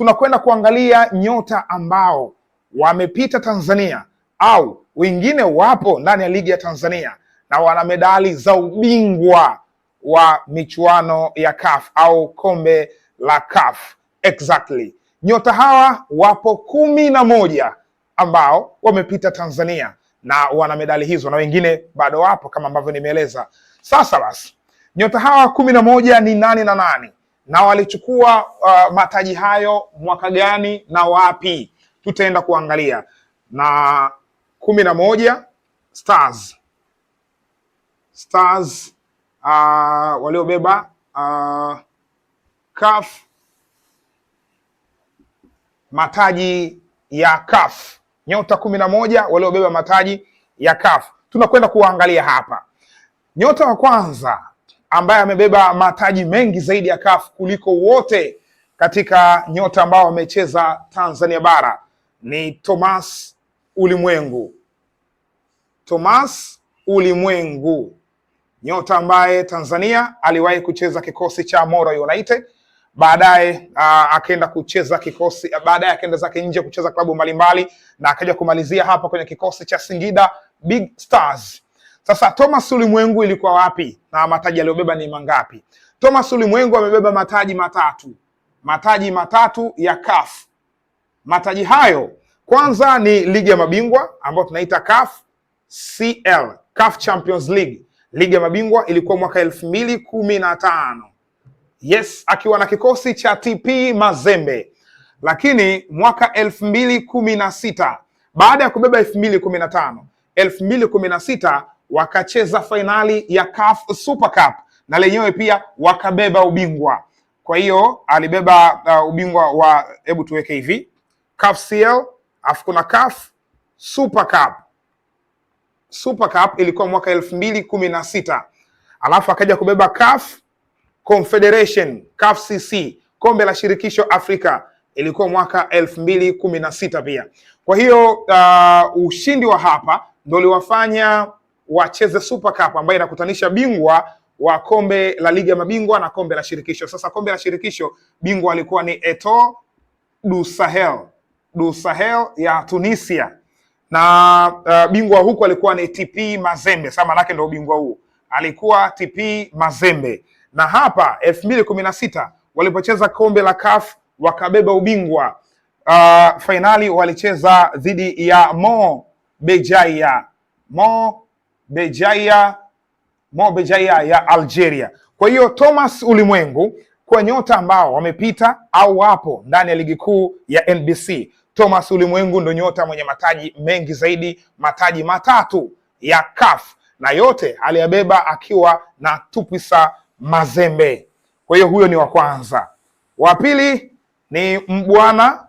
tunakwenda kuangalia nyota ambao wamepita Tanzania au wengine wapo ndani ya ligi ya Tanzania na wana medali za ubingwa wa michuano ya CAF au kombe la CAF. Exactly, nyota hawa wapo kumi na moja ambao wamepita Tanzania na wana medali hizo, na wengine bado wapo kama ambavyo nimeeleza. Sasa basi, nyota hawa kumi na moja ni nani na nani? na walichukua uh, mataji hayo mwaka gani na wapi, tutaenda kuangalia. Na kumi na moja Stars, Stars uh, waliobeba uh, CAF mataji ya CAF nyota kumi na moja waliobeba mataji ya CAF tunakwenda kuwaangalia hapa. Nyota wa kwanza ambaye amebeba mataji mengi zaidi ya CAF kuliko wote katika nyota ambao wamecheza Tanzania bara ni Thomas Ulimwengu. Thomas Ulimwengu, nyota ambaye Tanzania aliwahi kucheza kikosi cha Moro United, baadaye akaenda kucheza kikosi, baadaye akaenda zake nje kucheza klabu mbalimbali, na akaja kumalizia hapa kwenye kikosi cha Singida Big Stars sasa Thomas ulimwengu ilikuwa wapi na mataji aliyobeba ni mangapi? Thomas ulimwengu amebeba mataji matatu, mataji matatu ya CAF. Mataji hayo kwanza ni ligi ya mabingwa ambayo tunaita CAF CL, CAF Champions League. Ligi ya mabingwa ilikuwa mwaka elfu mbili kumi na tano yes, akiwa na kikosi cha TP Mazembe, lakini mwaka elfu mbili kumi na sita baada ya kubeba elfu mbili kumi na tano elfu mbili kumi na sita wakacheza fainali ya CAF Super Cup na lenyewe pia wakabeba ubingwa. Kwa hiyo alibeba uh, ubingwa wa, hebu tuweke hivi CAF CL, afu kuna CAF Super Cup. Super Cup ilikuwa mwaka elfu mbili kumi na sita alafu akaja kubeba CAF Confederation, CAF CC, kombe la shirikisho Afrika ilikuwa mwaka elfu mbili kumi na sita pia. Kwa hiyo uh, ushindi wa hapa ndio uliwafanya wacheze Super Cup ambayo inakutanisha bingwa wa kombe la ligi ya mabingwa na kombe la shirikisho. Sasa kombe la shirikisho bingwa alikuwa ni Eto du Sahel, du Sahel ya Tunisia na uh, bingwa huku alikuwa ni TP Mazembe. Sasa manake ndio bingwa huu alikuwa TP Mazembe, na hapa elfu mbili kumi na sita walipocheza kombe la CAF wakabeba ubingwa uh, ah, fainali walicheza dhidi ya Mo Bejaia Mo Bejaia Mo Bejaia ya Algeria. Kwa hiyo Thomas Ulimwengu kwa nyota ambao wamepita au wapo ndani ya ligi kuu ya NBC, Thomas Ulimwengu ndo nyota mwenye mataji mengi zaidi, mataji matatu ya CAF na yote aliyabeba akiwa na tupisa Mazembe. Kwa hiyo huyo ni wa kwanza. Wa pili ni Mbwana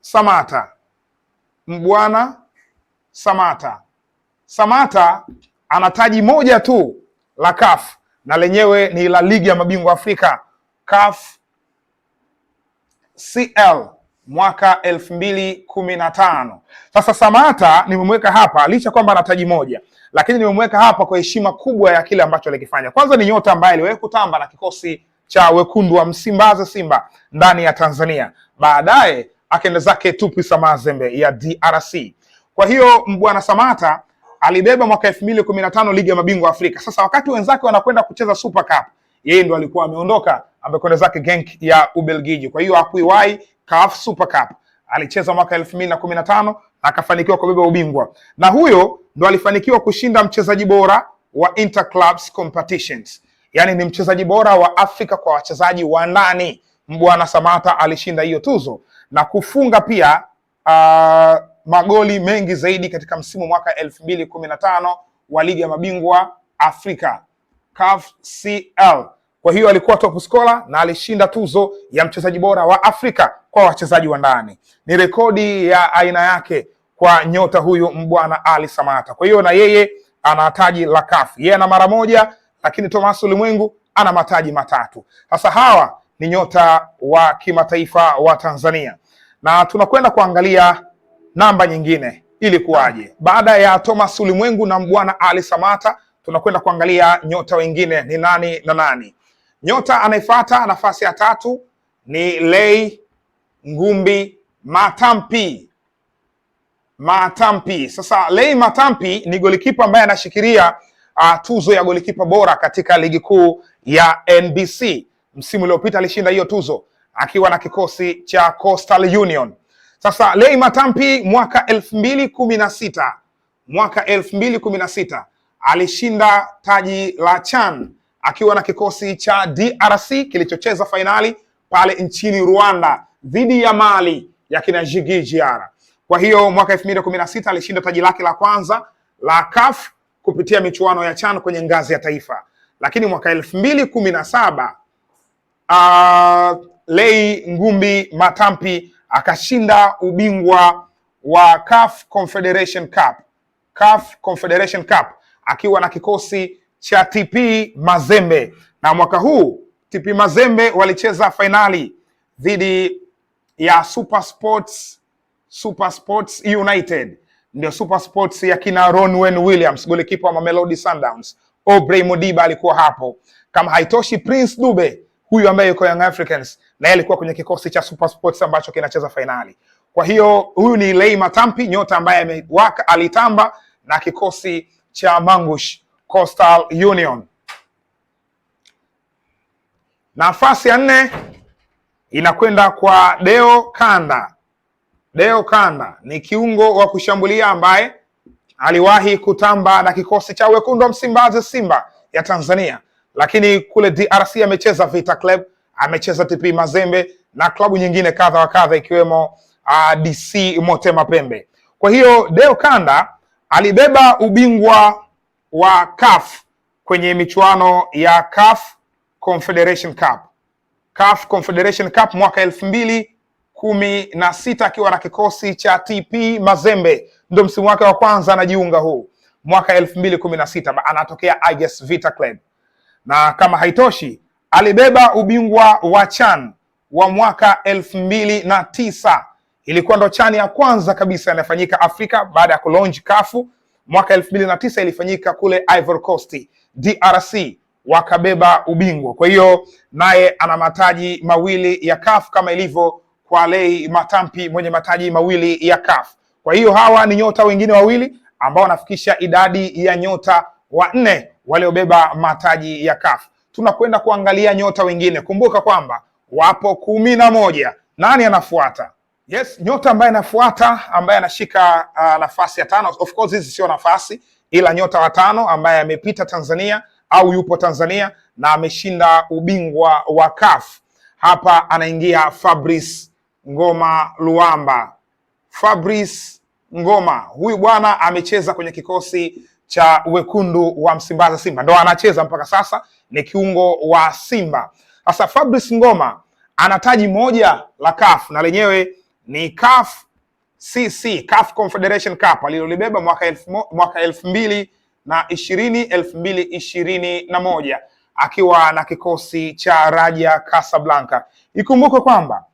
Samata, Mbwana Samata Samata ana taji moja tu la CAF na lenyewe ni la ligi ya mabingwa Afrika CAF CL mwaka elfu mbili kumi na tano. Sasa Samata nimemweka hapa licha kwamba ana taji moja, lakini nimemweka hapa kwa heshima kubwa ya kile ambacho alikifanya. Kwanza ni nyota ambaye aliwahi kutamba na kikosi cha wekundu wa Msimbazi Simba ndani ya Tanzania, baadaye akaenda zake TP Mazembe ya DRC. Kwa hiyo mbwana Samata alibeba mwaka 2015 ligi ya mabingwa Afrika. Sasa wakati wenzake wanakwenda kucheza Super Cup, yeye ndo alikuwa ameondoka, amekwenda zake Genk ya Ubelgiji. Kwa hiyo hakuiwahi CAF Super Cup, alicheza mwaka 2015 akafanikiwa kubeba ubingwa, na huyo ndo alifanikiwa kushinda mchezaji bora wa interclubs competitions, yaani ni mchezaji bora wa Afrika kwa wachezaji wa ndani. Mbwana Samata alishinda hiyo tuzo na kufunga pia uh, magoli mengi zaidi katika msimu mwaka elfu mbili kumi na tano wa ligi ya mabingwa Afrika CAF CL. Kwa hiyo alikuwa top scorer na alishinda tuzo ya mchezaji bora wa Afrika kwa wachezaji wa ndani. Ni rekodi ya aina yake kwa nyota huyu mbwana Ali Samata. Kwa hiyo na yeye ana taji la CAF, yeye ana mara moja, lakini Thomas Ulimwengu ana mataji matatu. Sasa hawa ni nyota wa kimataifa wa Tanzania na tunakwenda kuangalia namba nyingine ilikuwaje? Baada ya Thomas Ulimwengu na Mbwana Ali Samata, tunakwenda kuangalia nyota wengine ni nani na nani. Nyota anayefuata nafasi ya tatu ni Lei Ngumbi Matampi. Matampi. Sasa Lei Matampi ni golikipa ambaye anashikilia uh, tuzo ya golikipa bora katika ligi kuu ya NBC. Msimu uliopita alishinda hiyo tuzo akiwa na kikosi cha Coastal Union. Sasa Lei Matampi mwaka elfu mbili kumi na sita mwaka elfu mbili kumi na sita alishinda taji la CHAN akiwa na kikosi cha DRC kilichocheza fainali pale nchini Rwanda dhidi ya Mali ya kina Jigi Jiara. Kwa hiyo mwaka elfu mbili kumi na sita alishinda taji lake la kwanza la CAF kupitia michuano ya CHAN kwenye ngazi ya taifa, lakini mwaka elfu mbili kumi na saba uh, Lei Ngumbi Matampi akashinda ubingwa wa CAF Confederation Cup, CAF Confederation Cup akiwa na kikosi cha TP Mazembe, na mwaka huu TP Mazembe walicheza fainali dhidi ya Super Sports, Super Sports United, ndio Super Sports ya kina Ronwen Williams, golikipa wa Mamelodi Sundowns. Aubrey Modiba alikuwa hapo. Kama haitoshi Prince Dube huyu ambaye yuko Young Africans na yeye alikuwa kwenye kikosi cha Super Sports ambacho kinacheza fainali. Kwa hiyo huyu ni Lei Matampi, nyota ambaye amewaka, alitamba na kikosi cha Mangush Coastal Union. Nafasi ya nne inakwenda kwa Deo Kanda. Deo Kanda ni kiungo wa kushambulia ambaye aliwahi kutamba na kikosi cha Wekundu wa Msimbazi Simba ya Tanzania lakini kule DRC amecheza Vita Club, amecheza TP Mazembe na klabu nyingine kadha wa kadha ikiwemo uh, ah, DC Motema Pembe. Kwa hiyo Deo Kanda alibeba ubingwa wa CAF kwenye michuano ya CAF Confederation Cup. CAF Confederation Cup mwaka elfu mbili kumi na sita akiwa na kikosi cha TP Mazembe, ndo msimu wake wa kwanza anajiunga huu mwaka elfu mbili kumi na sita anatokea IS Vita Club na kama haitoshi alibeba ubingwa wa CHAN wa mwaka elfu mbili na tisa. Ilikuwa ndo CHAN ya kwanza kabisa inafanyika Afrika baada ya kulonji kafu mwaka elfu mbili na tisa ilifanyika kule Ivory Coast, DRC wakabeba ubingwa. Kwa hiyo naye ana mataji mawili ya kafu kama ilivyo kwa Lei Matampi mwenye mataji mawili ya kafu. Kwa hiyo hawa ni nyota wengine wawili ambao wanafikisha idadi ya nyota wanne waliobeba mataji ya CAF. Tunakwenda kuangalia nyota wengine. Kumbuka kwamba wapo kumi na moja. Nani anafuata? Yes, nyota ambaye anafuata ambaye anashika uh, nafasi ya tano. Of course hizi sio nafasi, ila nyota wa tano ambaye amepita Tanzania au yupo Tanzania na ameshinda ubingwa wa CAF. Hapa anaingia Fabrice Ngoma Luamba. Fabrice Ngoma, huyu bwana amecheza kwenye kikosi cha wekundu wa Msimbazi Simba, ndo anacheza mpaka sasa, ni kiungo wa Simba. Sasa Fabrice Ngoma anataji moja la CAF na lenyewe ni CAF CC, CAF Confederation Cup alilolibeba mwaka elfu, mwaka elfu mbili na ishirini elfu mbili ishirini na moja akiwa na kikosi cha Raja Casablanca. Ikumbukwe kwamba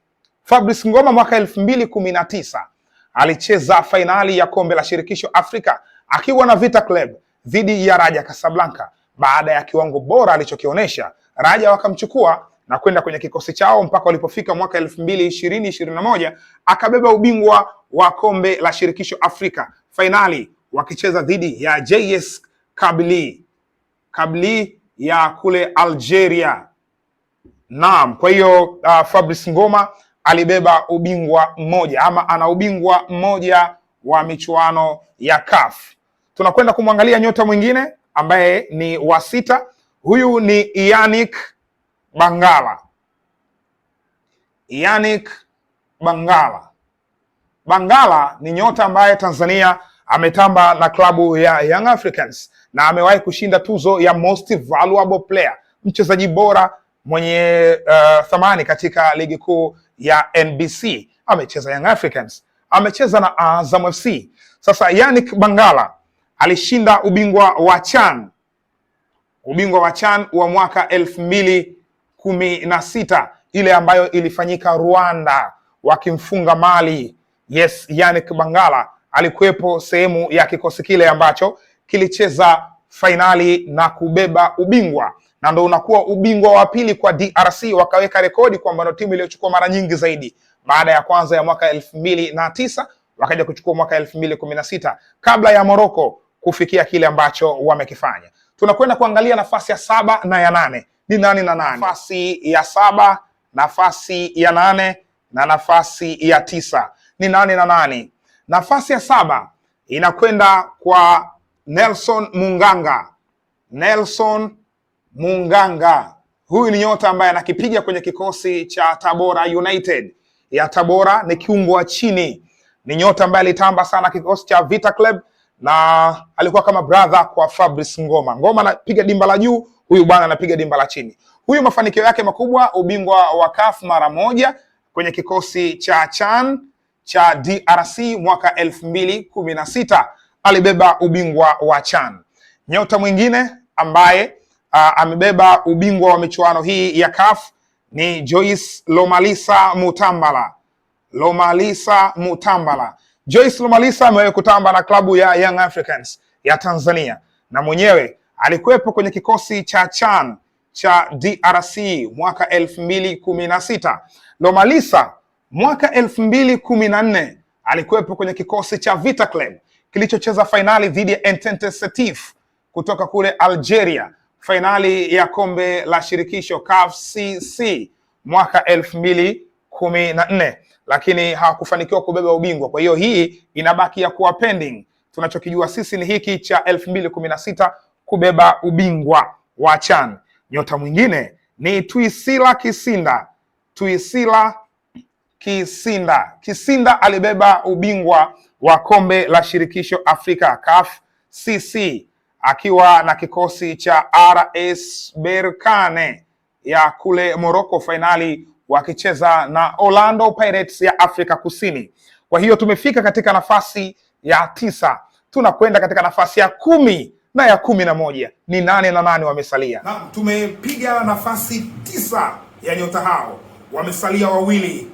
Fabrice Ngoma mwaka elfu mbili kumi na tisa alicheza fainali ya kombe la shirikisho Afrika Akiwa na Vita Club dhidi ya Raja Casablanca, baada ya kiwango bora alichokionyesha, Raja wakamchukua na kwenda kwenye kikosi chao mpaka walipofika mwaka elfu mbili ishirini ishirini na moja akabeba ubingwa wa kombe la shirikisho Afrika, fainali wakicheza dhidi ya JS Kabli Kabli ya kule Algeria. Naam, kwa hiyo uh, Fabrice Ngoma alibeba ubingwa mmoja ama ana ubingwa mmoja wa michuano ya CAF tunakwenda kumwangalia nyota mwingine ambaye ni wa sita. Huyu ni Yannick Bangala. Yannick Bangala. Bangala ni nyota ambaye Tanzania ametamba na klabu ya Young Africans na amewahi kushinda tuzo ya Most Valuable Player, mchezaji bora mwenye uh, thamani katika ligi kuu ya NBC. Amecheza Young Africans, amecheza na Azam FC. Sasa Yannick Bangala alishinda ubingwa wa CHAN ubingwa wa CHAN wa mwaka elfu mbili kumi na sita ile ambayo ilifanyika Rwanda wakimfunga Mali. Yes, Yannick Bangala alikuwepo sehemu ya kikosi kile ambacho kilicheza fainali na kubeba ubingwa, na ndo unakuwa ubingwa wa pili kwa DRC. Wakaweka rekodi kwamba ndo timu iliyochukua mara nyingi zaidi baada ya kwanza ya mwaka elfu mbili na tisa wakaja kuchukua mwaka elfu mbili kumi na sita kabla ya Moroko kufikia kile ambacho wamekifanya. Tunakwenda kuangalia nafasi ya saba na ya nane ni nani na nani? Nafasi ya saba, nafasi ya nane na nafasi ya tisa ni nani na nani? Nafasi ya saba inakwenda kwa Nelson Munganga. Nelson Munganga huyu ni nyota ambaye anakipiga kwenye kikosi cha Tabora United ya Tabora, ni kiungo wa chini, ni nyota ambaye alitamba sana kikosi cha Vita Club na alikuwa kama brother kwa Fabrice Ngoma. Ngoma anapiga dimba la juu, huyu bwana anapiga dimba la chini. Huyu mafanikio yake makubwa, ubingwa wa CAF mara moja kwenye kikosi cha CHAN cha DRC mwaka elfu mbili kumi na sita alibeba ubingwa wa CHAN. Nyota mwingine ambaye uh, amebeba ubingwa wa michuano hii ya CAF ni Joyce Lomalisa Mutambala. Lomalisa Mutambala Joyce Lumalisa amewahi kutamba na klabu ya Young Africans ya Tanzania na mwenyewe alikuwepo kwenye kikosi cha CHAN cha DRC mwaka elfu mbili kumi na sita. Lomalisa mwaka elfu mbili kumi na nne alikuwepo kwenye kikosi cha Vita Club kilichocheza fainali dhidi ya Entente Setif kutoka kule Algeria, fainali ya kombe la shirikisho CAF CC mwaka elfu mbili kumi na nne lakini hawakufanikiwa kubeba ubingwa. Kwa hiyo hii inabaki ya kuwa pending. Tunachokijua sisi ni hiki cha elfu mbili kumi na sita kubeba ubingwa wa CHAN. Nyota mwingine ni Twisila Kisinda. Twisila Kisinda, Kisinda alibeba ubingwa wa kombe la shirikisho Afrika CAF CC akiwa na kikosi cha RS Berkane ya kule Morocco, fainali wakicheza na Orlando Pirates ya Afrika Kusini. Kwa hiyo tumefika katika nafasi ya tisa, tunakwenda katika nafasi ya kumi na ya kumi na moja. Ni nane na nane wamesalia, na tumepiga nafasi tisa ya nyota hao, wamesalia wawili.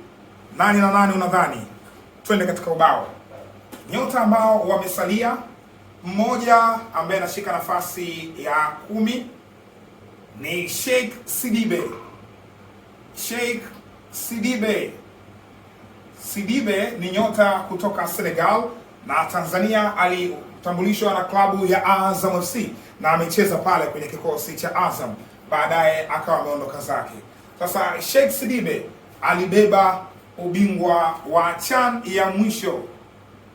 Nane na nane, unadhani? Twende katika ubao, nyota ambao wamesalia, mmoja ambaye anashika nafasi ya kumi ni Sheikh Sidibe Sheikh Sidibe. Sidibe ni nyota kutoka Senegal na Tanzania, alitambulishwa na klabu ya Azam FC na amecheza pale kwenye kikosi cha Azam, baadaye akawa ameondoka zake. Sasa Sheikh Sidibe alibeba ubingwa wa CHAN ya mwisho,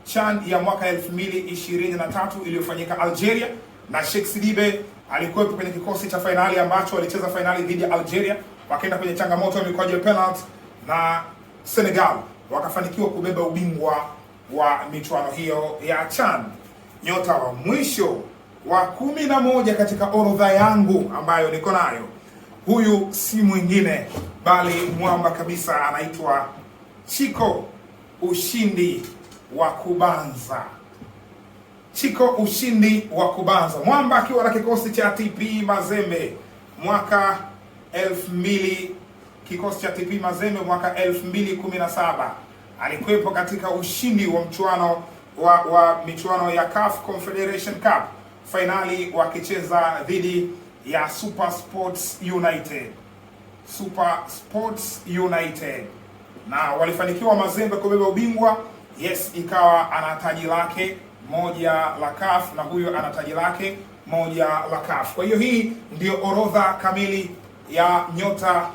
CHAN ya mwaka 2023 iliyofanyika Algeria, na Sheikh Sidibe alikuwepo kwenye kikosi cha fainali ambacho alicheza fainali dhidi ya Algeria wakaenda kwenye changamoto ya mikwaju ya penalty na Senegal wakafanikiwa kubeba ubingwa wa michuano hiyo ya CHAN. Nyota wa mwisho wa kumi na moja katika orodha yangu ambayo niko nayo, huyu si mwingine bali mwamba kabisa, anaitwa Chiko ushindi wa kubanza. Chiko ushindi wa kubanza, mwamba akiwa na kikosi cha TP Mazembe mwaka elfu mbili kikosi cha TP Mazembe mwaka 2017 alikwepo katika ushindi wa mchuano wa, wa michuano ya CAF Confederation Cup fainali wakicheza dhidi ya Super Sports United. Super Sports United na walifanikiwa Mazembe kubeba ubingwa. Yes, ikawa ana taji lake moja la CAF na huyo ana taji lake moja la CAF. Kwa hiyo hii ndio orodha kamili ya nyota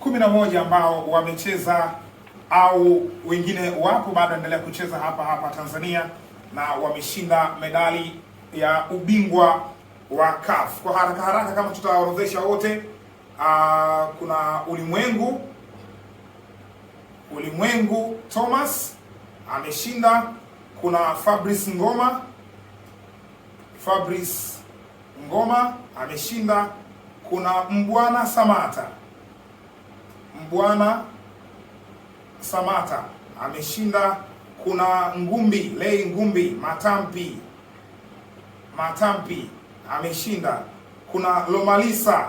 11 ambao wamecheza au wengine wapo bado endelea kucheza hapa hapa Tanzania na wameshinda medali ya ubingwa wa CAF. Kwa haraka haraka kama tutaorodhesha wote, ah, kuna Ulimwengu Ulimwengu Thomas ameshinda, kuna Fabrice Ngoma Fabrice Ngoma ameshinda kuna Mbwana Samata. Mbwana Samata ameshinda. Kuna Ngumbi Lei Ngumbi Matampi, Matampi ameshinda. Kuna Lomalisa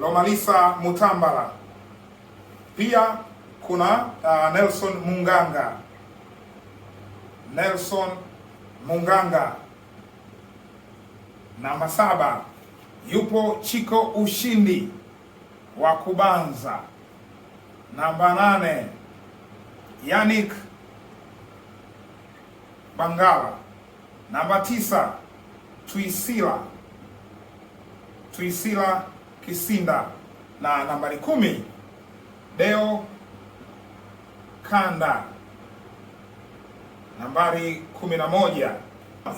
Lomalisa Mutambala pia kuna uh, Nelson Munganga Nelson Munganga. Namba saba yupo Chiko Ushindi wa Kubanza, namba nane Yannick Bangala, namba tisa Twisila twisila Kisinda na nambari kumi Deo Kanda, nambari kumi na moja.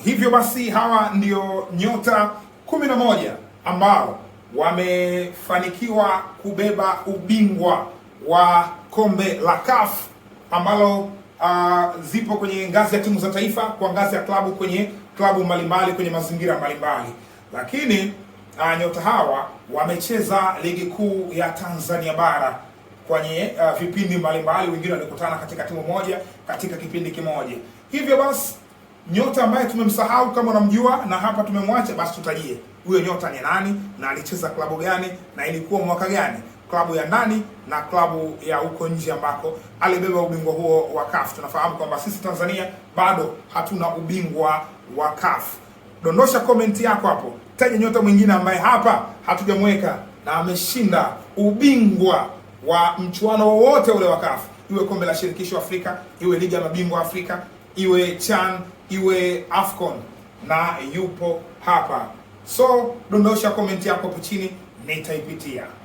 Hivyo basi hawa ndio nyota kumi na moja ambao wamefanikiwa kubeba ubingwa wa kombe la CAF ambalo uh, zipo kwenye ngazi ya timu za taifa kwa ngazi ya klabu kwenye klabu mbalimbali kwenye mazingira mbalimbali, lakini uh, nyota hawa wamecheza ligi kuu ya Tanzania bara kwenye uh, vipindi mbalimbali, wengine walikutana katika timu moja katika kipindi kimoja. Hivyo basi nyota ambaye tumemsahau kama unamjua na hapa tumemwacha, basi tutajie huyo nyota ni nani na alicheza klabu gani na ilikuwa mwaka gani, klabu ya ndani na klabu ya huko nje ambako alibeba ubingwa huo wa CAF. Tunafahamu kwamba sisi Tanzania bado hatuna ubingwa wa CAF. Dondosha komenti yako hapo, taja nyota mwingine ambaye hapa hatujamweka na ameshinda ubingwa wa mchuano wowote ule wa CAF, iwe kombe la shirikisho Afrika, iwe liga ya mabingwa Afrika, iwe CHAN iwe AFCON na yupo hapa, so dondosha komenti yako hapo chini, nitaipitia.